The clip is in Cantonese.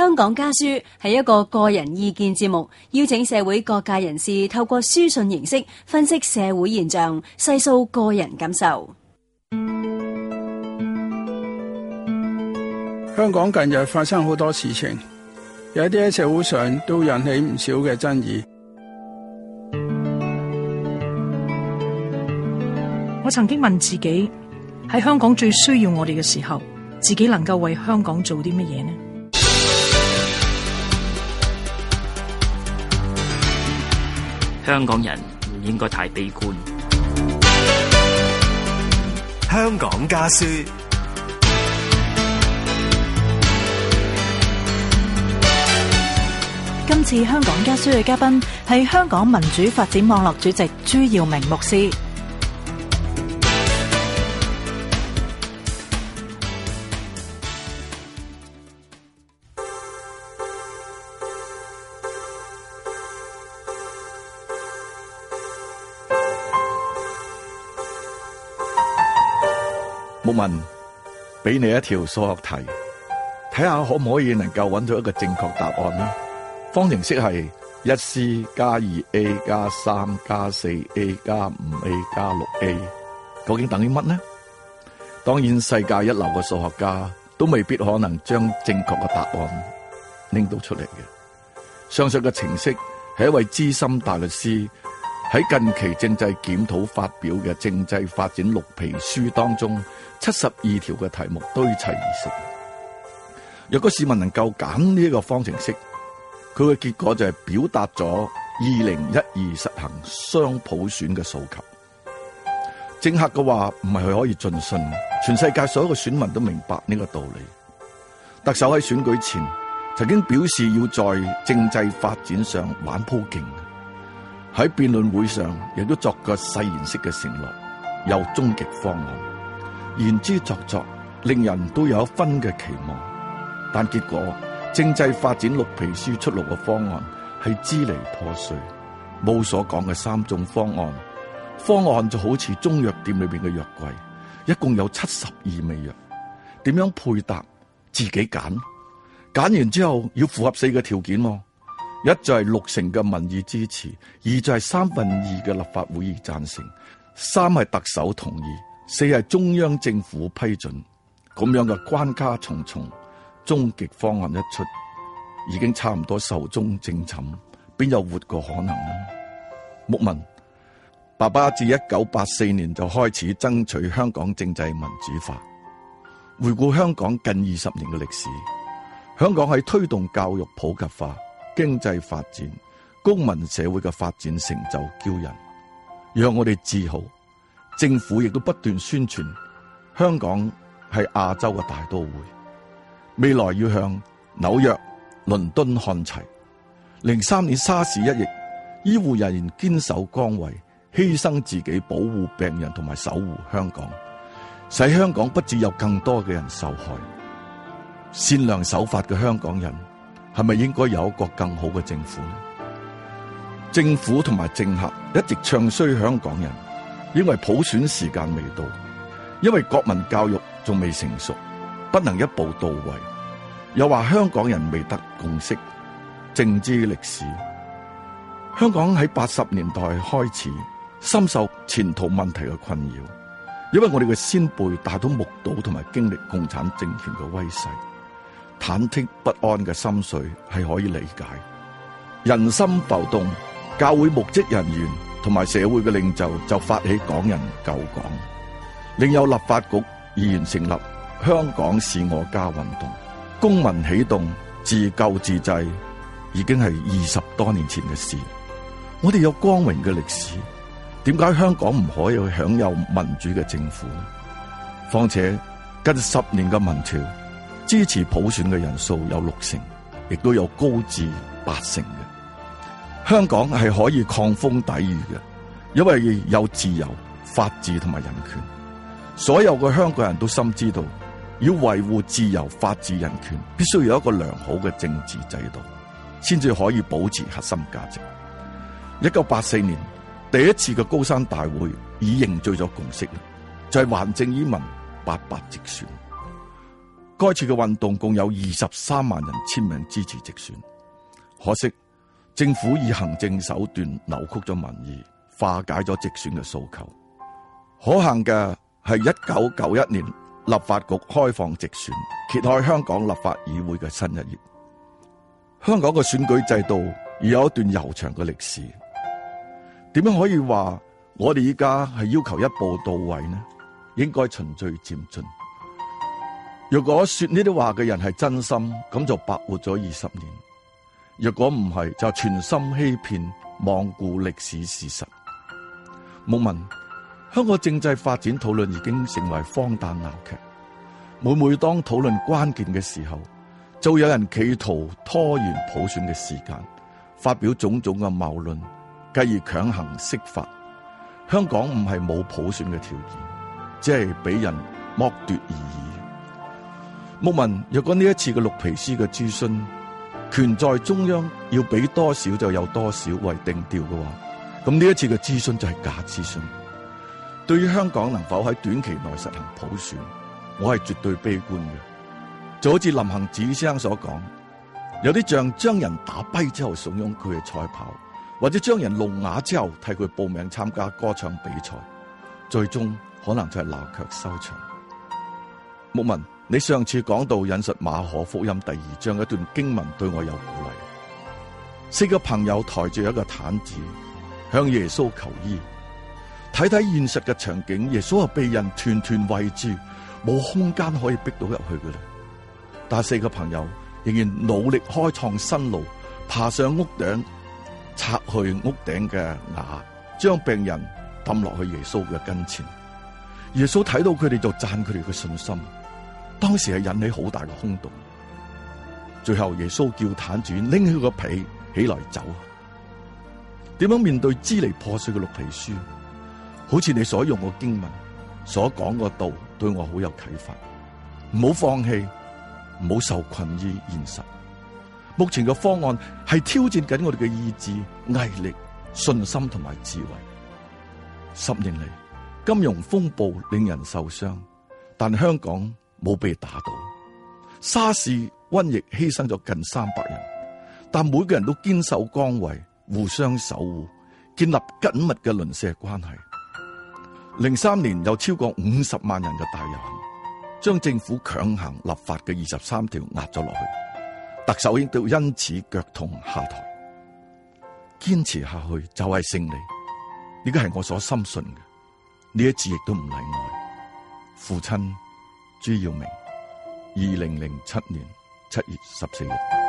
香港家書係一個個人意見節目，邀請社會各界人士透過書信形式分析社會現象，細訴個人感受。香港近日發生好多事情，有一啲喺社會上都引起唔少嘅爭議。我曾經問自己：喺香港最需要我哋嘅時候，自己能夠為香港做啲乜嘢呢？香港人唔應該太悲觀。香港家書， 今次香港家書嘅嘉賓係香港民主發展網絡主席朱耀明牧師。我問，俾你一條數學題，睇下可唔可以能夠揾到一個正確答案呢？方程式係一 c 加二 a 加三加四 a 加五 a 加六 a，究竟等於乜呢？當然，世界一流嘅數學家都未必可能將正確嘅答案拎到出嚟嘅。上述嘅程式係一位資深大律師。喺近期政制檢討發表嘅政制發展綠皮書當中，七十二條嘅題目堆砌而成。若果市民能夠揀呢一個方程式，佢嘅結果就係表達咗二零一二實行雙普選嘅訴求。政客嘅話唔係佢可以盡信，全世界所有嘅選民都明白呢個道理。特首喺選舉前曾經表示要在政制發展上玩鋪勁。喺辯論會上，亦都作過誓言式嘅承諾，有終極方案，言之鑿鑿，令人都有一分嘅期望。但結果，政制發展綠皮書出爐嘅方案係支離破碎，冇所講嘅三種方案，方案就好似中藥店裡面嘅藥櫃，一共有七十二味藥，點樣配搭自己揀，揀完之後要符合四個條件喎。一就係六成嘅民意支持，二就係三分二嘅立法會議贊成，三係特首同意，四係中央政府批准，咁樣嘅關卡重重，終極方案一出，已經差唔多壽終正寢，邊有活過可能呢？牧民爸爸自一九八四年就開始爭取香港政制民主化，回顧香港近二十年嘅歷史，香港係推動教育普及化。經濟發展、公民社會嘅發展成就驕人，讓我哋自豪。政府亦都不斷宣傳香港係亞洲嘅大都會，未來要向紐約、倫敦看齊。零三年沙士一役，醫護人員堅守崗位，犧牲自己保護病人同埋守護香港，使香港不致有更多嘅人受害。善良守法嘅香港人。係咪應該有一個更好嘅政府呢？政府同埋政客一直唱衰香港人，因為普選時間未到，因為國民教育仲未成熟，不能一步到位。又話香港人未得共識，政治歷史。香港喺八十年代開始，深受前途問題嘅困擾，因為我哋嘅先輩大多目睹同埋經歷共產政權嘅威勢。忐忑不安嘅心緒係可以理解，人心浮動，教會牧職人員同埋社會嘅領袖就發起港人救港，另有立法局議員成立香港是我家運動，公民起動自救自制，已經係二十多年前嘅事。我哋有光榮嘅歷史，點解香港唔可以去享有民主嘅政府呢？況且近十年嘅民調，支持普選嘅人數有六成，亦都有高至八成嘅。香港係可以抗風抵禦嘅，因為有自由、法治同埋人權。所有嘅香港人都深知道，要維護自由、法治、人權，必須有一個良好嘅政治制度，先至可以保持核心價值。一九八四年第一次嘅高山大會已凝聚咗共識就係、是、還政於民，八八直選。該次嘅運動共有二十三萬人簽名支持直選，可惜政府以行政手段扭曲咗民意，化解咗直選嘅訴求。可行嘅係一九九一年立法局開放直選，揭開香港立法議會嘅新一頁。香港嘅選舉制度已有一段悠長嘅歷史，點樣可以話我哋依家係要求一步到位呢？應該循序漸進。若果說呢啲話嘅人係真心，咁就白活咗二十年；若果唔係，就全心欺騙、罔顧歷史事實。牧民，香港政制發展討論已經成為荒誕鬧劇。每每當討論關鍵嘅時候，就有人企圖拖延普選嘅時間，發表種種嘅謬論，繼而強行釋法。香港唔係冇普選嘅條件，只係俾人剝奪而已。木文，若果呢一次嘅綠皮書嘅諮詢權在中央，要俾多少就有多少為定調嘅話，咁呢一次嘅諮詢就係假諮詢。對於香港能否喺短期內實行普選，我係絕對悲觀嘅。就好似林行止先生所講，有啲像將人打跛之後慫恿佢嘅賽跑，或者將人聾啞之後替佢報名參加歌唱比賽，最終可能就係鬧劇收場。木文。你上次講到引述馬可福音第二章一段經文，對我有鼓勵。四個朋友抬住一個毯子向耶穌求醫，睇睇現實嘅場景，耶穌係被人團團圍住，冇空間可以逼到入去噶啦。但四個朋友仍然努力開創新路，爬上屋頂拆去屋頂嘅瓦，將病人抌落去耶穌嘅跟前。耶穌睇到佢哋就讚佢哋嘅信心。當時係引起好大嘅轟動，最後耶穌叫癱子拎起個被，起來走。點樣面對支離破碎嘅綠皮書？好似你所用嘅經文，所講嘅道對我好有啟發。唔好放棄，唔好受困於現實。目前嘅方案係挑戰緊我哋嘅意志、毅力、信心同埋智慧。十年嚟，金融風暴令人受傷，但香港。冇被打到，沙士瘟疫犧牲咗近三百人，但每個人都堅守崗位，互相守護，建立緊密嘅鄰舍關係。零三年有超過五十萬人嘅大遊行，將政府強行立法嘅二十三條壓咗落去，特首亦都因此腳痛下台。堅持下去就係勝利，呢個係我所深信嘅。呢一次亦都唔例外，父親。朱耀明，二零零七年七月十四日。